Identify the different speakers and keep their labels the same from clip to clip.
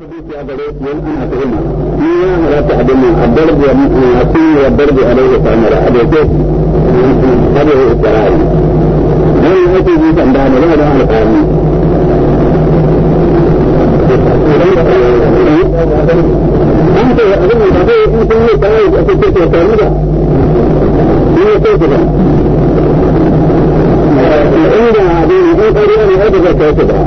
Speaker 1: الضرب والنسي والضرب عليه تعمل حدثه هذه التراوي هل يأتي في تنبان لا لا على القانون أنت أظن بعدين في كل تعايد أتيت تعمله هي كذا عند هذه الطريقة هذا كذا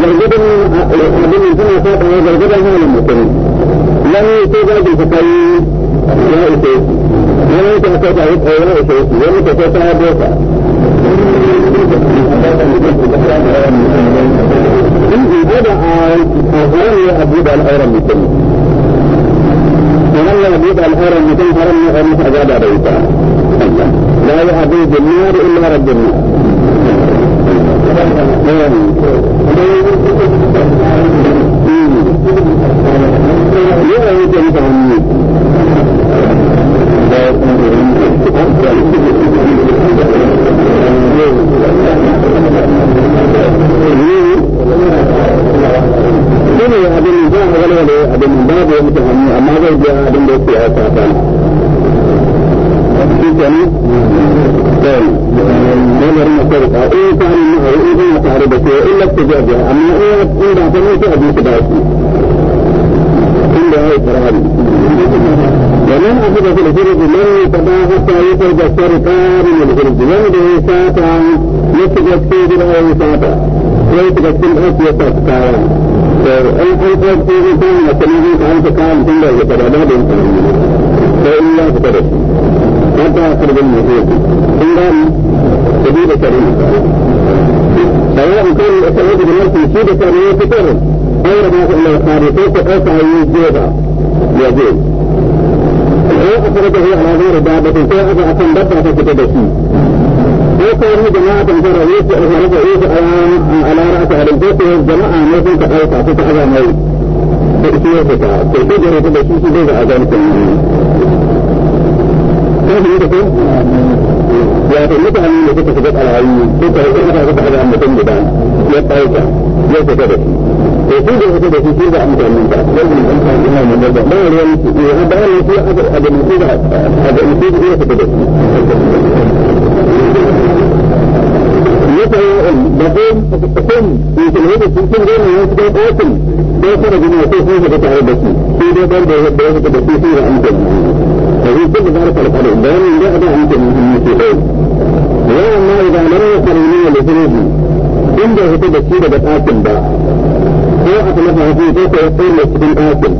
Speaker 1: جرجدا أبن الجنة فاتح جرجدا هو المسلم لم يتوقع بالفقائي لا إسيس لم يتوقع بالفقائي لا إسيس لم يتوقع بالفقائي إن هذا أهوان أبيض الأورا المسلم ومن أبيض الأورا المسلم فرمي أرمس أجاب بيتا لا يعبد النار إلا رب النار Jadi ada yang berpihak kepada kita ni. الثاني نمر مختلفة إن كان النهر إن كان تعرضته إلا اتجاهها أما إن إن بعد ما تأتي تبعتي إلا هي فرهدي ومن أخذ في الخروج من تباه سيفرج السرطان من الخروج من به ساتا يتجد في دلائه ساتا ويتجد في الأرض يتجد فالحلقة في الإنسان وتنهيك عن تقام كل يتبع بعد الإنسان فإلا فتبت وانت يخرج الموجود عندهم سبيل كريم سواء كان يستعيد بالنفس يصيب كريم كتاب غير ما الا خارجين فقط يجيبها يجيب أخرجه على غير دابة فأبى أن دبرة كتبتي وكانوا جماعة ترى يوسف أخرج يوسف على رأس أهل البيت والجماعة مثل تقايصة فتحها موت تأتيه فتاة تأتيه جريت بشيش بيضا أذان كلمة wato mutane da suka shiga ɓarayi suka yi suka suka haɗa mutum guda ya ɓarka ya fita da shi to su da fita da shi su da amfanin ta ya yi amfani ina mun da ba ruwan su ya ba ruwan su a da mutum da a da mutum da ya fita da shi yadda da ko kun in kun yi da kun kun gani ya fita ɗakin ko kuma gina ko kun fita tare da shi sai dai ban da ya fita da shi su da amfani فهي كل ذلك القدر دائما لا أدعى أنت من المسيحين وما إذا لم يصل إليه لفروجه عنده كده كده بتآكل بقى هو أطلقها في بيته يقول لك بالآكل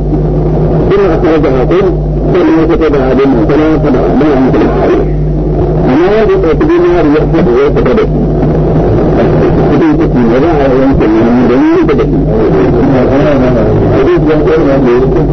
Speaker 1: ثم أخرجها قل ثم كتبها بما فلا تبع ما أنت أما يجب أن تكون نار يحفظ ويتقدر تكون تكون وضعها ويمكن أن يدعي تكون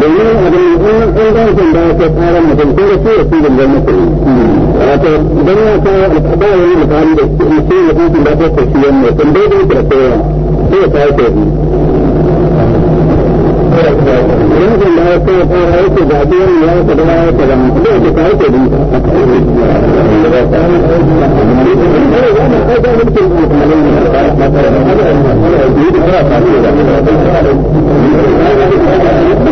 Speaker 1: domin abin wannan ingancin da ke tsara mutum ko da shi da shi da gwamnati wato don ya kawo alƙabarin mutane da shi da shi da ko shi yan mutum dai dai da kowa sai ya kawo ko shi yankin da ya kawo tsara yake da abin ya ka da ya ka da zai ka kawo ko din Thank you.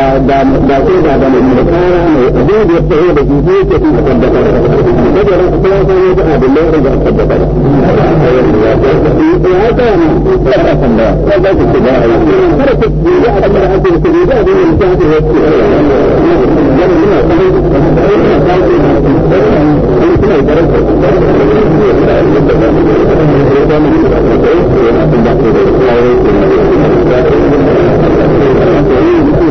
Speaker 1: دا دا دا دا المكان وجود الصعود في بيت في مقدمة بدر الصلاة يدعى بالله رجع مقدمة هذا هذا الاتباع ترك الاتباع على هذه الاتباع من الجهة Thank you.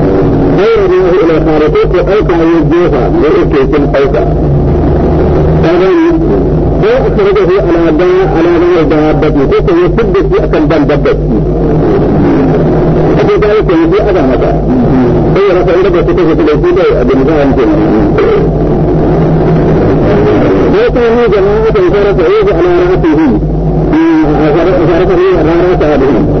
Speaker 1: غيره إلى خارطوك وألقى يجيها لإكي كل قوكا أيضا وأخرجه على داء على داء دابته كيف يسد في أكل دم دابته أبي ذلك يجي أبا هذا هي رفع ربك كيف تلوثي أبي نظام كله وكانوا جماعة فرفعوه على رأسه فرفعوه على رأس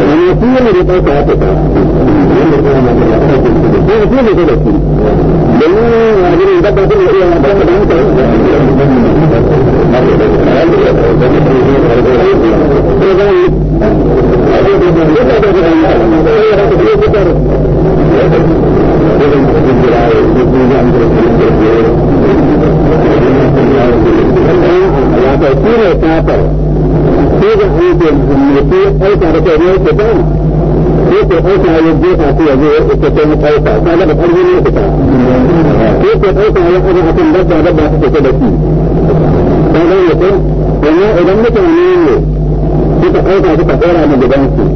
Speaker 1: یعنی یہ پورا نریندر مواد کیمرے پورے هذا هو المسيح أيضا ركوبية كتاب كيف أيضا يجيب في هذه التسامح أيضا هذا بحرج من الكتاب كيف أيضا يأخذ حتى ربع ربع في كتابتي هذا يقول وما أدمت أمينه كيف أيضا تتحرى عن جبانتي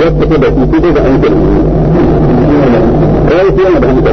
Speaker 1: يكتبتي كيف إذا أنت كيف يمدحك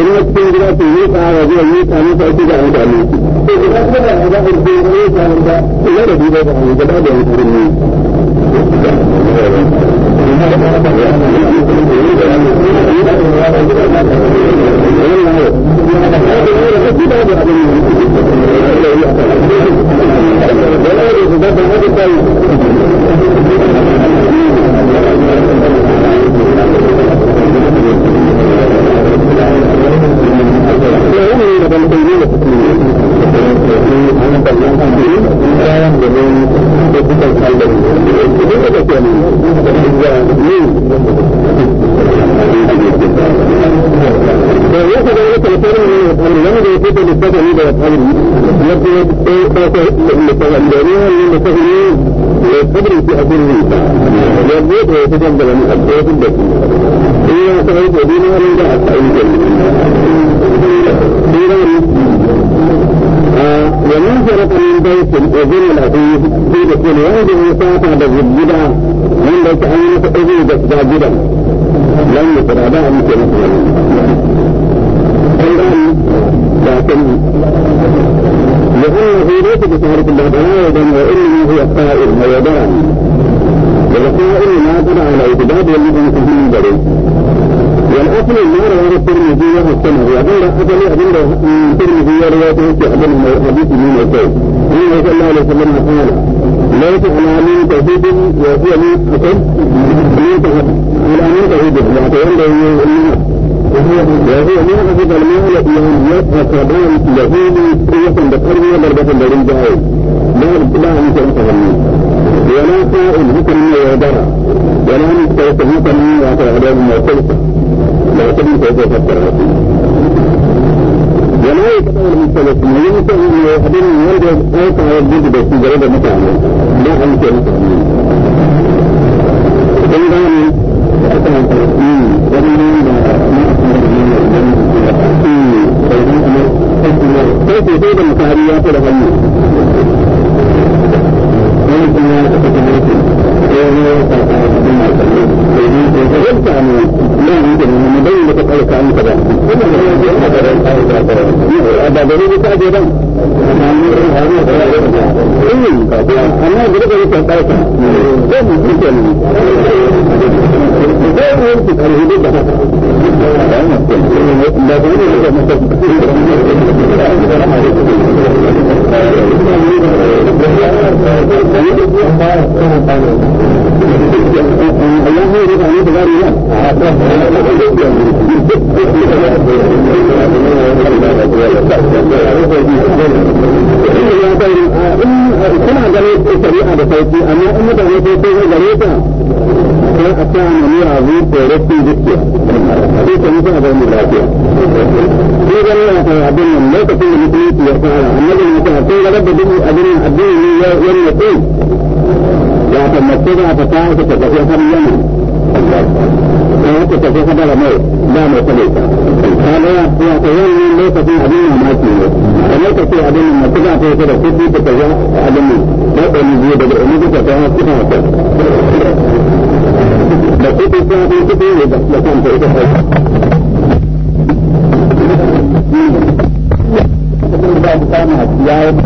Speaker 1: إن السيدنا تجيك على وجهك أنا فأتيك عن تعليم إذا ربيبا فعلي جبا بأن ترمي Thank you. تفضل من أبوه بالبيت إلا سعيد ودينا ولا لا سعيد ومن جرت من بيت الأذن العظيم في دخول هذه ساعة بالجدع من بيت أمينة أذن بسجع جدع لم يترابع مثل الآن لكن لأنه ليس بتعرف الله تعالى وإنه هو الطائر هيدان وذكر ما ترى على اعتداد والذي تهم بريء والأصل النار وراء الترمذي والسنة وأظن أصل أجل الترمذي روايته في أظن الحديث من الزوج أن صلى الله عليه وسلم قال ليس على من تهيد وهي من أصل من تهيد على من تهيد وأتيان له النار وهو من أجل أجد المال أن يتأكد له قوة بقرية ضربة بريدة لا لا أن تنتهي ولا سائل بكرم ويدرى ولا مستيقظ بكرم وعطى عذاب موقوفة لا تبني كيف يفكر ولا يقطع المستلف من يمسك ويحضر من يرجع آية على الجد بس مجرد متعامل لا عن شيء متعامل فإذا كيف يصيب المكاريات الغنيه دے رہا ہوں ہمیں دیردن آپ ان کے لیے بہت suna ganin shari'a da sauki amma in mutane sai sai gare ta sai a sa mu ne a zuwa tsoron gaskiya sai ta mutu a bar mu lafiya sai ga ya ta abin nan lokacin da mutum ya fara annabi ne ta sai ga da duk abin addini ne ya yanne kai ya ta mace da ta ta ta ta ta ta أن يترك في خبر موت لا موت ليس هذا هو تولي ليس في أبينا ماكي وليس في أبينا ما تبع في كده كده تتجاه أبينا لا تنزيه بدأ أمي تتجاه كده بس كده كده كده بس لكم كده كده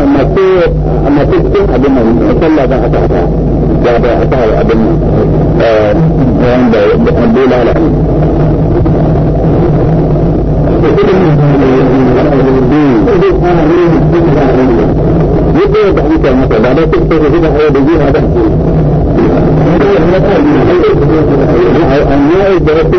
Speaker 1: nak masuk masuk tu ada mana macam lah dah ada dah ada apa ada ni yang dah dah bela lah ada tu tu ada dia tu Anjay berarti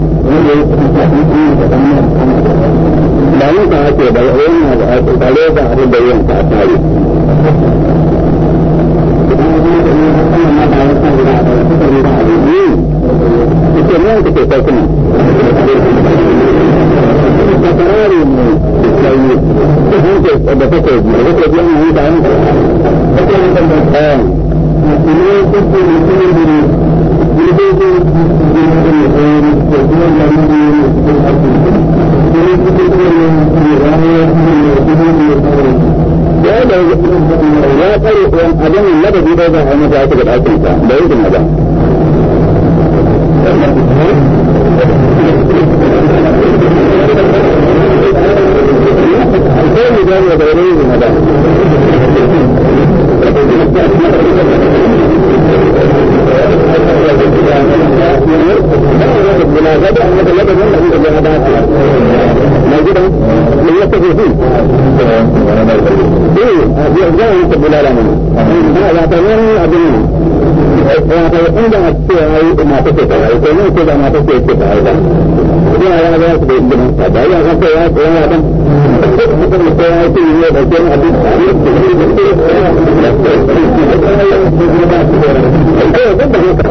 Speaker 1: Lalu tak ada banyak orang yang ada Tak ada tak ada banyak yang tak tahu Kita ni yang kita tak kena Kita tak ada yang kita tak kena Kita tak ada yang kita tak kena Kita tak ada yang kita tak kena Kita tak ada yang kita tak kena Kita tak ada yang kita tak kena ya tsare ɗan abin ladabi ba za a mata aka da ɗakin ta da yankin ba. Sai mu gane da yankin ba. ini Thank you.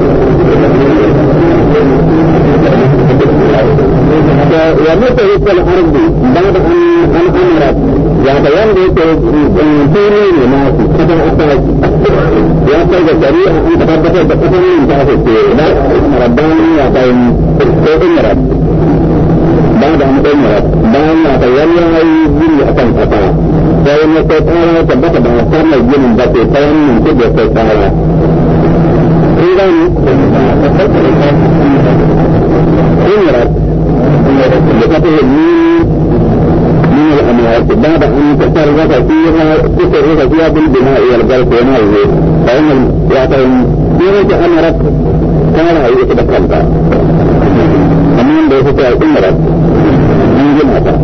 Speaker 1: وما تهيك الأرض بعد أن أن أمرت وبيان ذلك الدين لما في قدر أفاد وأفاد الجريء أن تربط بقدر من جهة الدين رباني وبين أمرت بعد أن أمرت بعد أن تولى الجريء أن أفاد فإن تتعالى تبقى بأفاد الجريء من بطيطان من كبير تتعالى تقريبا عمرت بفتح الميم من الأموات بعد أن تسرق فيها تسرق فيها بالبناء والبرك ونحوه فإن يعتبر إذا أمرت كان هي تتقلبها أمام بيتها عمرت من جمعتها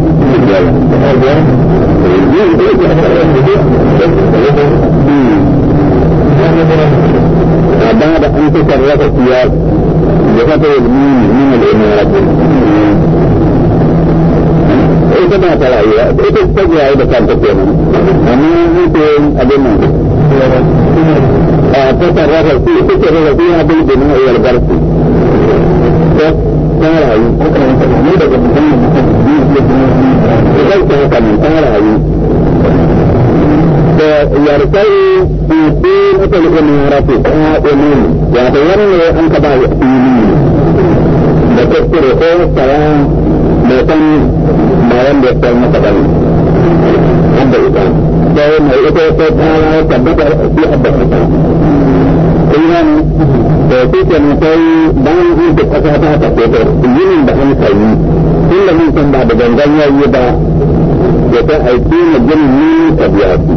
Speaker 1: Thank you. بعد أن تكررت الثياب بفتر المين من الإمارات إذا ما ترى إذا استجع إذا كان تكون أما يمكن أدنى تكررت الثياب تكررت الثياب بالدماء والبرس Tengah lagi. Tengah lagi. Tengah lagi. Tengah lagi. Tengah lagi itu ilmu rapi, ilmu yang dengan yang kata ini. Dapat kereta saya datang malam dapat mata kami. Ambil itu. Saya mau itu saya tapi tidak ada kereta. Kemudian dari sini saya bangun untuk apa apa apa kereta ini bahkan saya ini. Ini lebih sembah dengan gaya ia dah. Jadi, saya ingin menjadi ini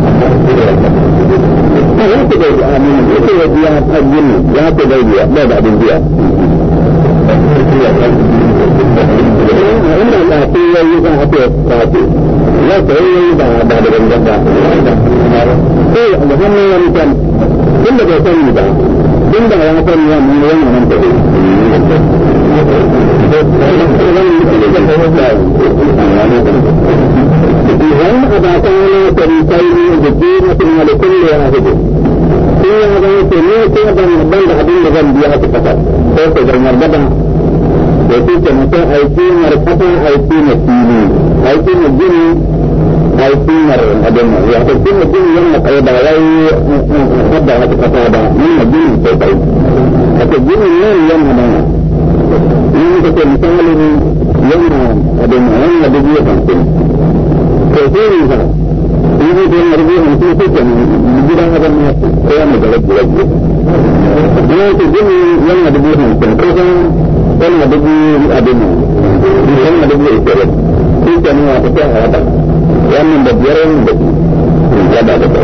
Speaker 1: Tuhan itu dari dia amin. Itu dari dia pagin. Dia itu dari dia. Dia tak ada dia. Ini adalah tiga yang hati hati. Ya, tiga yang hati hati ada apa jasa. Tiga yang hati hati ada dengan jasa. Tiga yang hati hati ada dengan jasa. Tiga yang hati hati ada dengan jasa. هم أبعثنا طريقين بالدينة ولكل واحد في هذا سميت أيضا مربان بعدين لغن بيات فقط فوق جمع بدن وفي كمسا أيتين مرفقا أيتين السيني أيتين الجني أيتين الأدم وأيتين الجني يملك أيضا غير مصدر هذه القصابة من الجني فوقين atau guru lain yang ada. Ini kita misalnya ini yang ada, ada main, ada dia penting. Kecil ini kan. Ini dia yang ada yang penting itu yang dibilang ada yang saya menjelak jelak dia. Ini itu guru yang ada dia penting. Kerana kan ada dia ada main. Ini yang ada dia itu. Ini yang ada dia ada. Yang membuat dia yang membuat. Jadi ada dia.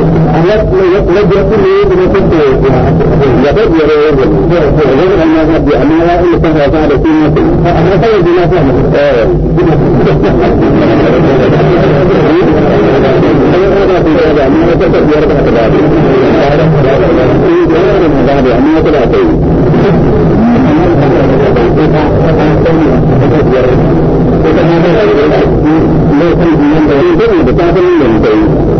Speaker 1: امریاں تیمپر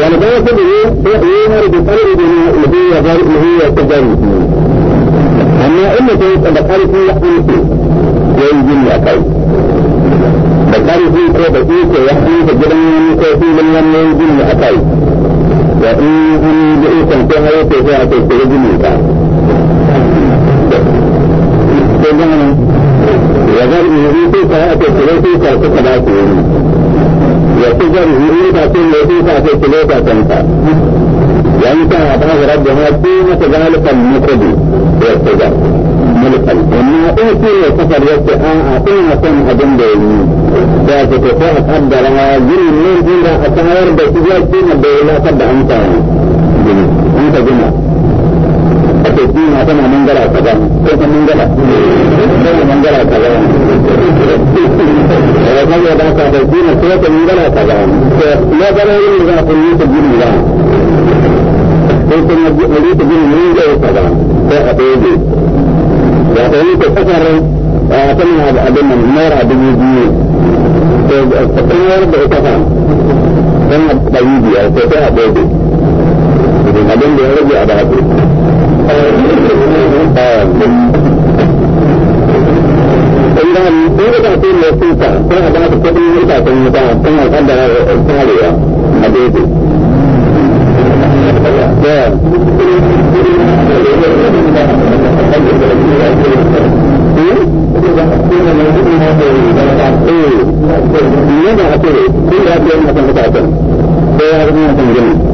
Speaker 1: يعني ده كله يمر بقلب اللي هي غير اللي هي تجارب أما إلا تقول بقلب فيه يحمل فيه زي الجنة كي بقلب فيه كي بقيت يحمل فجرم كي في من يمر الجنة كي وإنهم بإيكم كهية تجاه تجاه جنة وغير اللي هي تجاه تجاه تجاه تجاه وتجر هيئة وظيفة ثلاثة تنفع وأنت أعطاه ربها قيمة ذلك النقد والتجر ملكا وما أوتي السفر والسعاء أعطينا سن أدن بيني ذات تفاحة أبدالها جل من جل أتعار بسجاج دين بيلا سبع أنت أنت جمع ɗauki na tana mangala kaza ko ta mangala ko mangala kaza da kan ya ba ka ɗauki na ko ta mangala kaza na gara yin da kun yi ta gudu ba ko kuma wani ta gudu ne da kaza ko a ɗaya ya ta yi ta kasar a tana abin nan naira dubu biyu ko kuma da ita kan dan ɗari biyar ko ta a ɗaya abin da ya rage a da haɗe إذا نقول في الموسيقى فهذا تكون موسيقى المتاع ثم قدر التالية حديثي لماذا أقول كل هذه المتاع فهذا من الجنة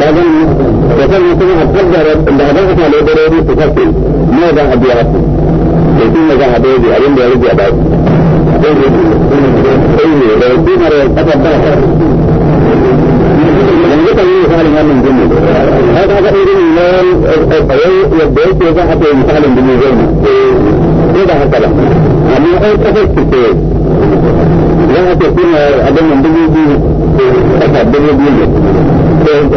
Speaker 1: بعدين وكان يسمع الصدر اللي هدفت على ضروري تفصل ماذا أبي أصل يكون ماذا أبي أبي أبي أبي أبي أبي أي لو كنا رأيتنا من يكون يفعل من جميل هذا هذا يقول الإمام القوي يبدأ يزحف يفعل من جميل كده هكذا يعني أول كفر كتير لا تكون عدم الدنيا دي تكبر الدنيا Dan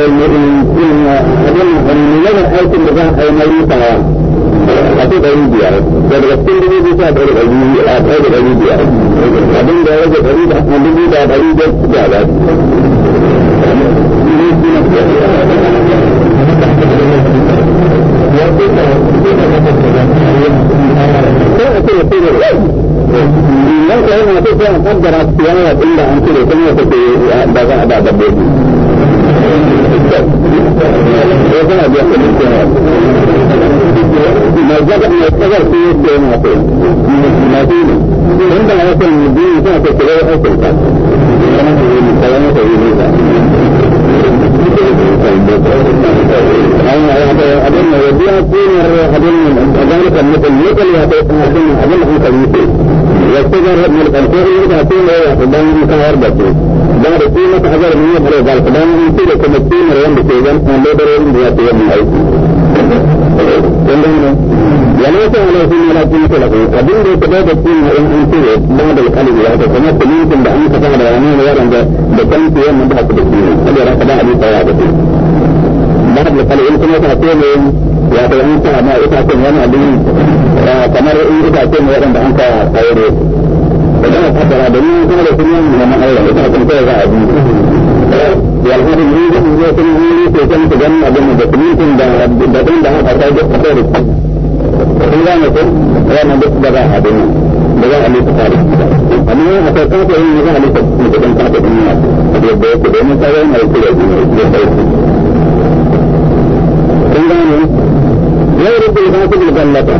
Speaker 1: kalau nanti saya akan berhasil dengan tindakan itu, saya akan berhasil dengan tindakan itu. مزدق ما يتغر في يدين عقيم مدينة عندما يصل المدينة كان تتغير أصل كان أنا أبين يبيع كل مرة أبين أبين كم مثل مثل يا أبين أبين كم مثل والشجر من القنطور يرجع فيه وقدام مكان بسيط بعد قيمة أجر من يبرو قال قدام يصير كما تين ريان بسيطا أن لا برو من ذاته من أي يلوك على سنة لا قيمة له قبل ذلك بعد تين ريان يصير بعد القلب يهدى كما تلين كم بأن تفعل ريانين ويرن بكم فيه من بحث بسيطة قد يرى قدام بسيطة بعد القلب يمكن أن تأتيه ويأتي أنت ما يتعطي من أبيه kemarin itu tak cuma orang bangsa Taiwan. Kalau tak ada ada ni, kita ada punya nama Allah. Kita akan pergi ke Yang hari ini kita punya punya ini sesuatu yang ada yang ada punya pun dah ada pun dah ada saya juga pergi. Kita nak pergi, kita nak pergi ke ada ni. Bagai ahli sekali. Kami ni apa pun kita ini bagai ahli sekali. Kita akan pergi ke mana? Dia boleh ke mana saya nak pergi ke mana? Kita ni. Yang itu yang kita nak pergi ke mana?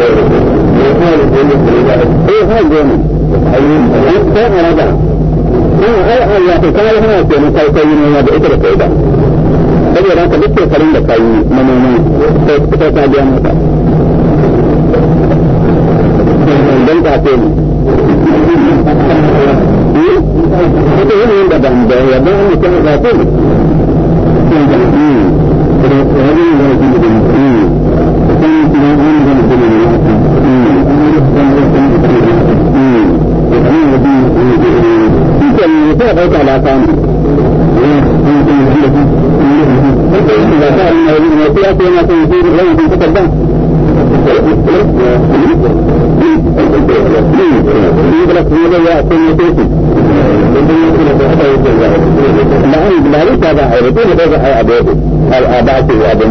Speaker 1: saboda haka duk shekarun da ka yi manomi sai ta biya mata don ka ce ne ita yin yin da ban da ya ban mutum ka ce ne فوق على طعام إذا كان من وصيته ما تنزيل غير تتبع يغلق هذا يأتي نتيجة نعم لا ليس هذا حيرة كل هذا حيرة أبوه الآباء وأبوه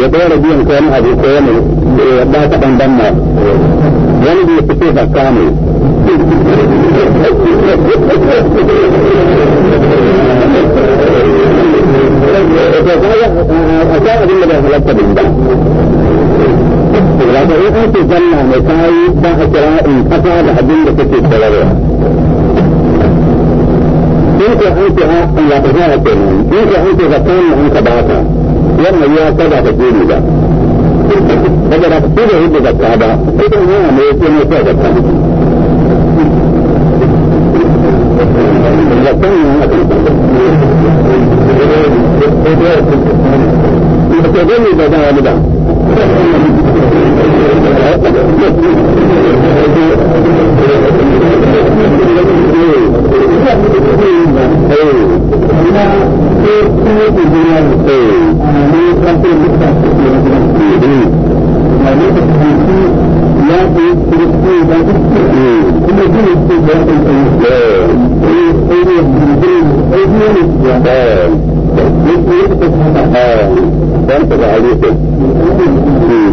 Speaker 1: ya dora biyan ko wani abu ko wani ya ba ta banban ma wani bai fito zakka ne a kan abin da bai halatta bin ba wato in an ce zanna mai kayi ba a kira in kasa da abin da kake tsararwa in ko an ce a wato za a kenan in ko an ce zakka ne an ka ba ta လက်မရောတတ်တာပြေးနေတာဒါကြတာပြေးတဲ့ဥပဒေကတာဒါအဲ့ဒါကမေးပြနေတတ်တာလက်တန်းနေတာဒီလိုဒီလိုဒီလိုဒီလိုဒီလိုဒီလို ذلك عليكم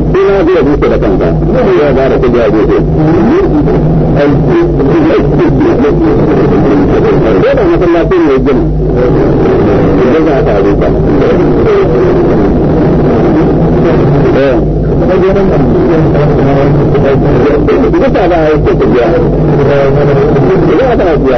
Speaker 1: bila dia bisa datang kan dia ada kerja dia tu kan? dia dah nak kena pun dia jem dia dah tak ada kan Kita eh. ada itu kerja. Kita ada kerja.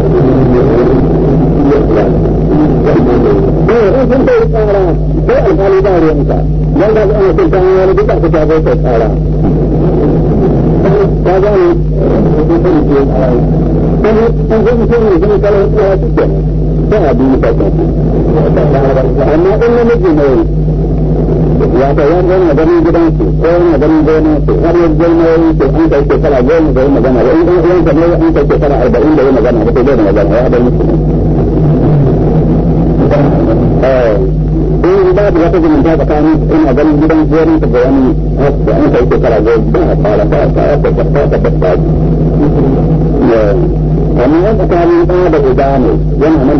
Speaker 1: sun bai tsara ko alfani ba ruwanka don ba su ana sun kan wani duk aka ta bai tsara ta gane kuma in zai mutum ne zai kala wasu ya suke ta abu yi fata amma in na miji mai ya ta yan zai maganin gidansu ko yan maganin gonansu har yau zai na yi ke an kai shekara goma zai magana da in ɗan uwansa ne an kai shekara arba'in da yi magana da ko zai magana ya haɗa musu ne ان ادن کے ریت بہن بھائی سے کرا گئے تھے ہماری گانے جن ہم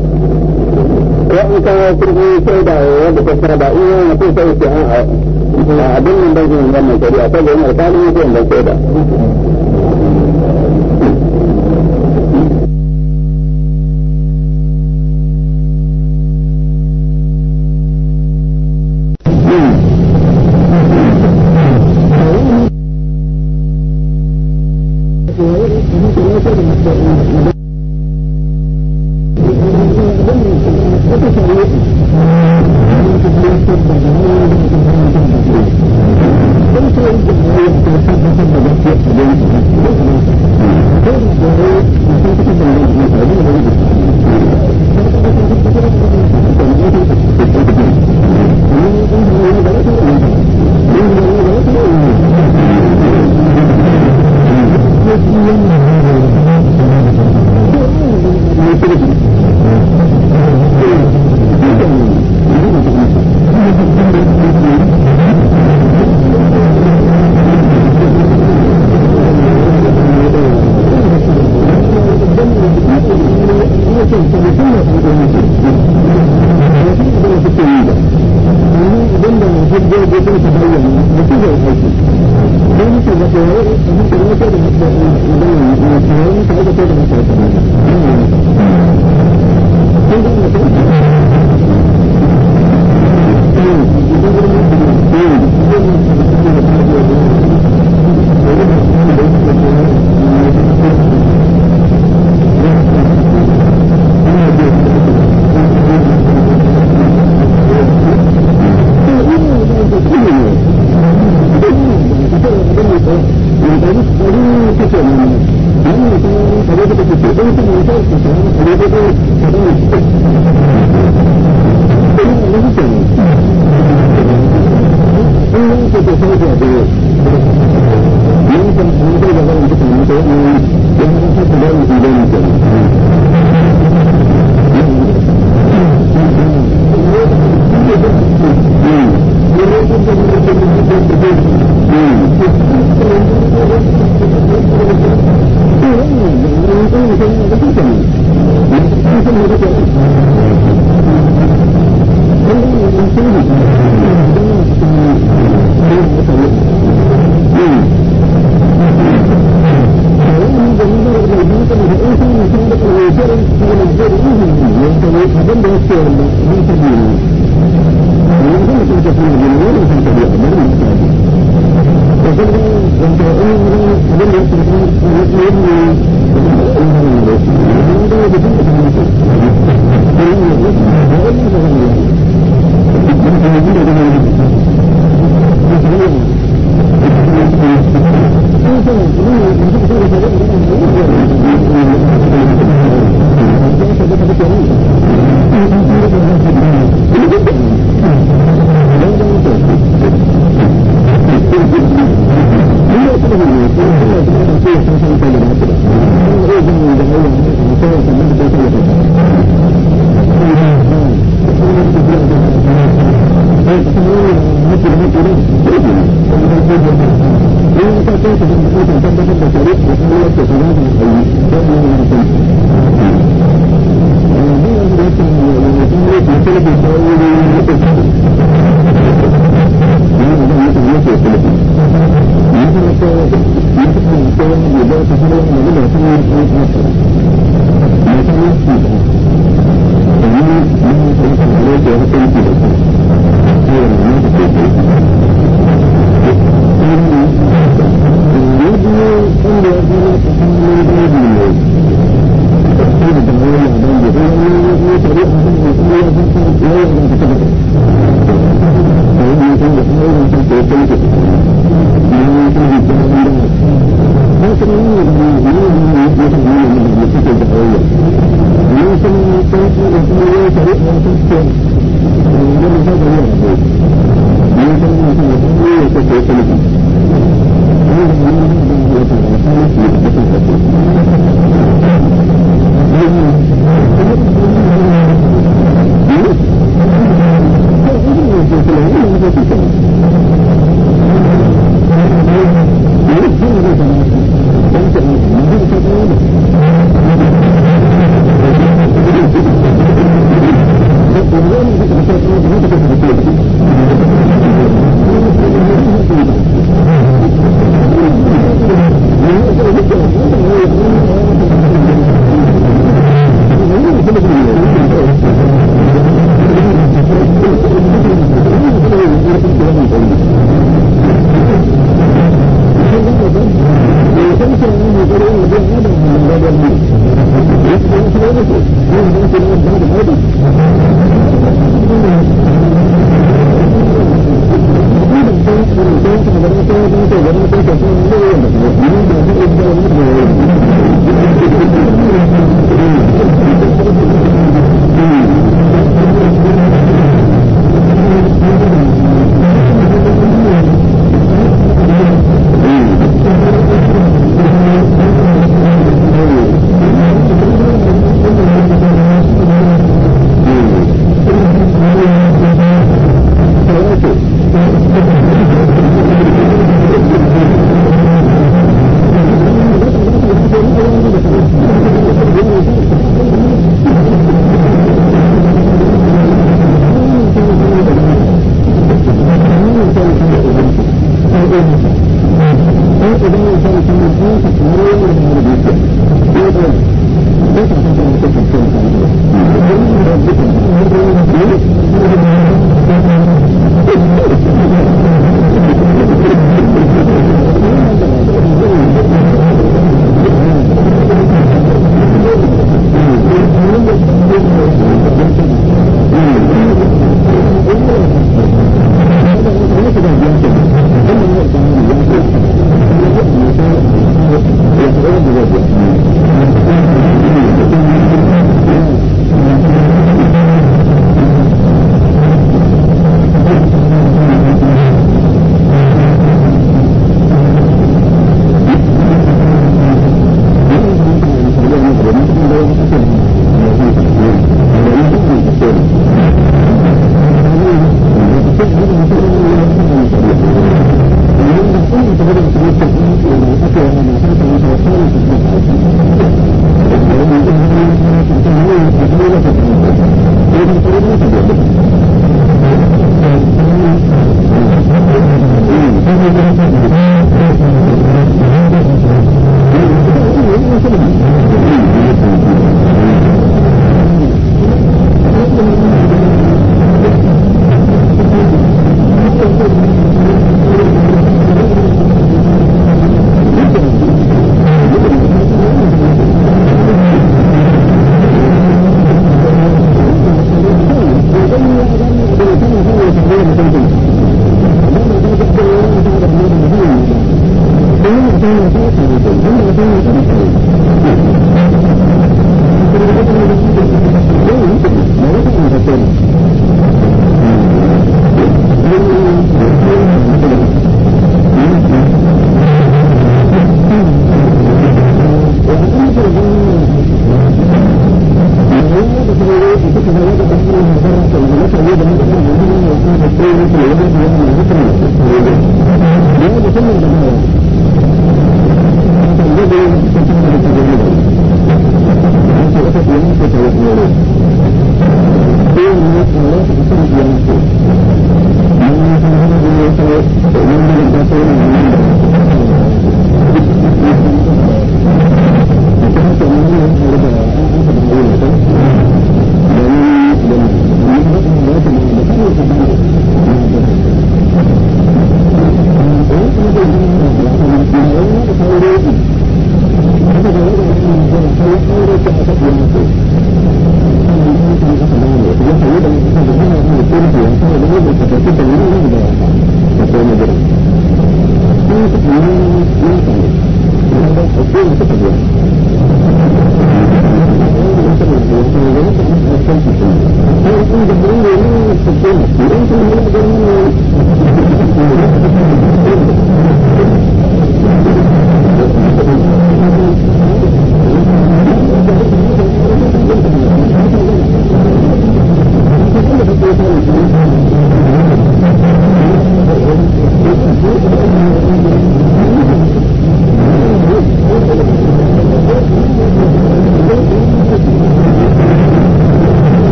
Speaker 1: وإن كان يكون سيدا وبكسر بعيدا وفي سيدا أعلم من بيجي من جمع الشريعة فجأة من الفعل يكون من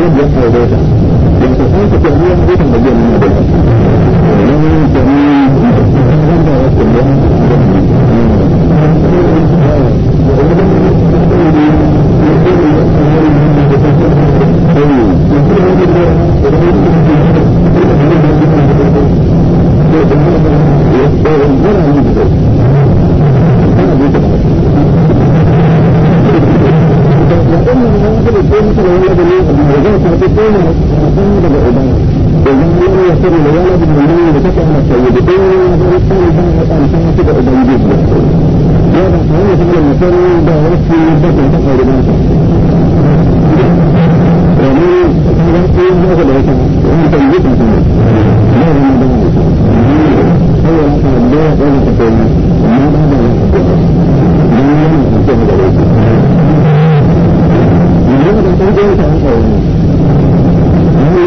Speaker 1: نام ویسا ہو جائے گا جب سکوں کو چاہیے ہم ایک مزے نہیں ہو Thank you. سے ملے مہینے میں چاہیے Thank you.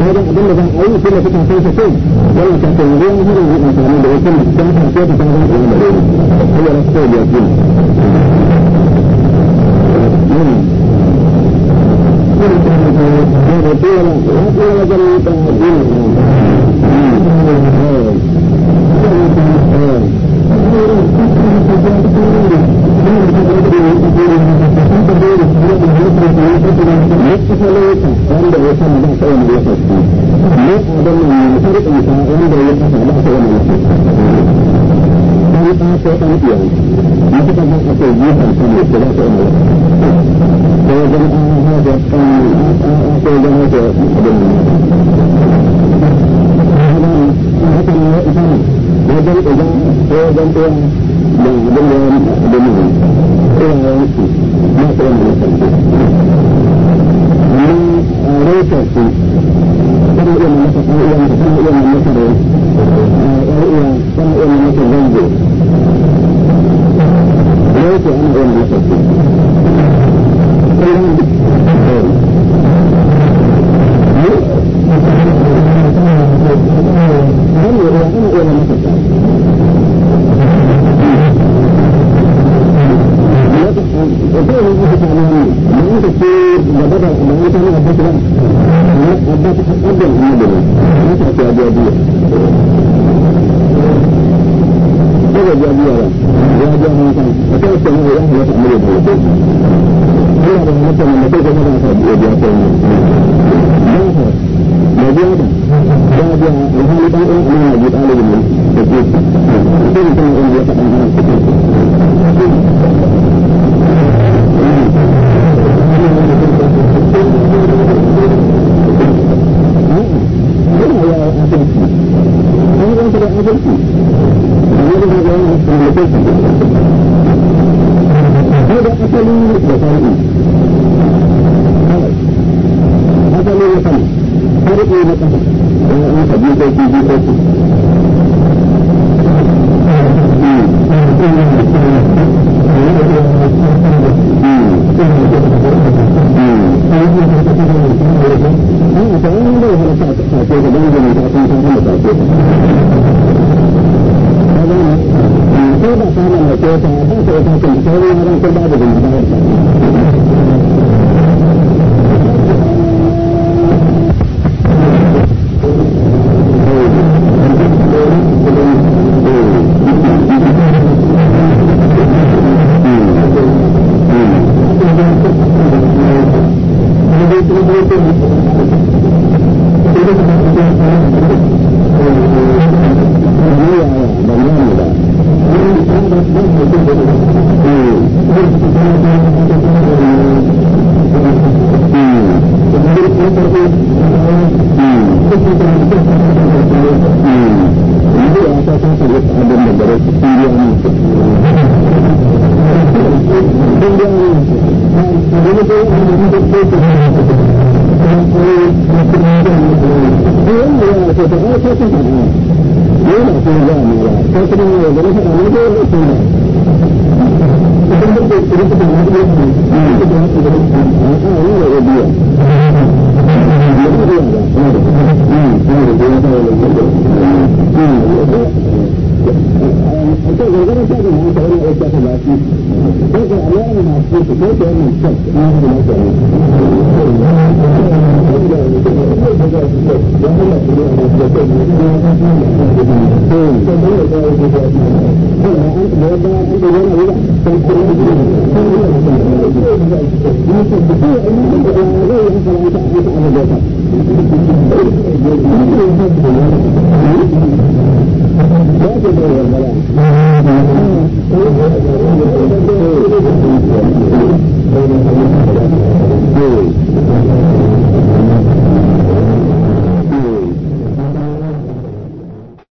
Speaker 1: میرے میرے کو